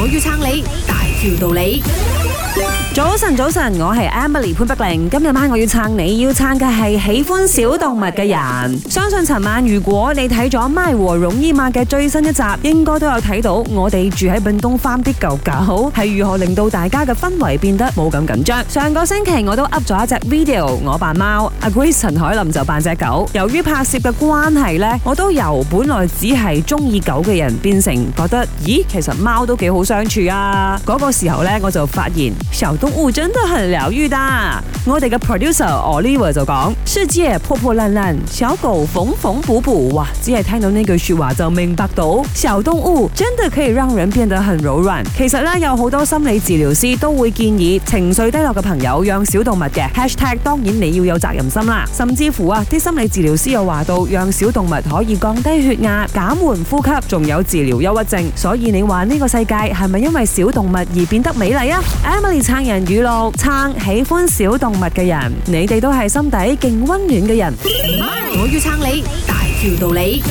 我要撐你，大條道理。早晨，早晨，我係 Emily 潘碧玲。今日晚我要撐你，要撐嘅係喜歡小動物嘅人。相信尋晚如果你睇咗《貓和容姨貓》嘅最新一集，應該都有睇到我哋住喺屏東翻啲狗狗係如何令到大家嘅氛圍變得冇咁緊張。上個星期我都 up 咗一隻 video，我扮貓，阿 Grace 陳海琳就扮隻狗。由於拍攝嘅關係呢我都由本來只係中意狗嘅人，變成覺得咦，其實貓都幾好相處啊。嗰個時候呢，我就發現動物真的很療愈的，我哋嘅 producer Oliver 就講：世界破破爛爛，小狗縫縫補補，哇！只係聽到呢句說話就明白到，小動物真的可以讓人變得很柔軟。其實呢，有好多心理治療師都會建議情緒低落嘅朋友養小動物嘅。#Hashtag 當然你要有責任心啦，甚至乎啊，啲心理治療師又話到，養小動物可以降低血壓、減緩呼吸，仲有治療憂鬱症。所以你話呢個世界係咪因為小動物而變得美麗啊？Emily 撐人語錄撐喜歡小動物嘅人，你哋都係心底勁溫暖嘅人。我要撐你，大條道理。